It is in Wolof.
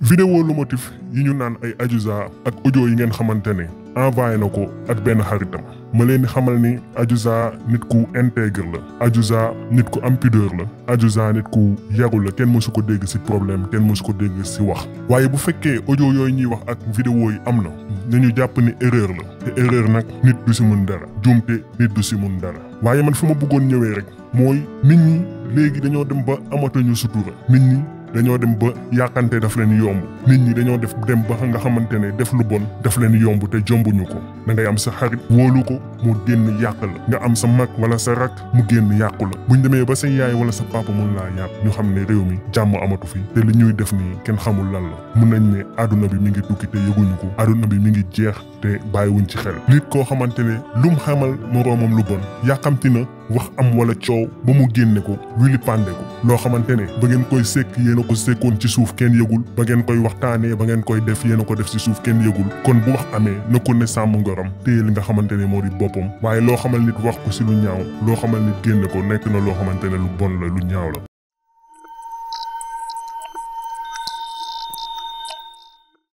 vidéo Lomotif yi ñu naan ay Adiouza ak audio yi ngeen xamante ne envoyé na ko ak benn xaritam ma leen di xamal ni Adiouza nit ku intègre la Adiouza nit ku am pudeur la Adiouza nit ku yaru la kenn mësu ko dégg ci problème kenn mësu ko dégg ci wax waaye bu fekkee audio yooyu ñiy wax ak vidéo yi am na nañu jàpp ni erreur la te erreur nag nit du ci mun dara juumte nit du ci mën dara waaye man fu ma bëggoon ñëwee rek mooy nit ñi léegi dañoo dem ba amatuñu sutura nit ñi dañoo dem ba yàqante daf leen yomb nit ñi dañoo def dem ba nga xamante ne def lu bon daf leen yomb te jombuñu ko da ngay am sa xarit wóolu ko mu génn yàq la nga am sa mag wala sa rak mu génn yàqu la bu ñu demee ba sa yaay wala sa papa mun laa yàq ñu xam ne réew mi jàmm amatu fi te li ñuy def nii kenn xamul lal la mu nañ ne àdduna bi mi ngi tukki te yëguñu ko àdduna bi mu ngi jeex te bàyyiwuñ ci xel nit koo xamante ne lum xamal moroomam lu bon yàqamti na wax am wala coow ba mu génne ko wili pande ko loo xamante ne ba ngeen koy sekk yéen a ko sekkoon ci suuf kenn yëgul ba ngeen koy waxtaanee ba ngeen koy def yéen a ko def ci suuf kenn yëgul kon bu wax amee na ko ne sàmm ngoram téye li nga xamante ne moo di boppam waaye loo xamal nit wax ko ci lu ñaaw loo xamal nit génne ko nekk na loo xamante ne lu bon la lu ñaaw la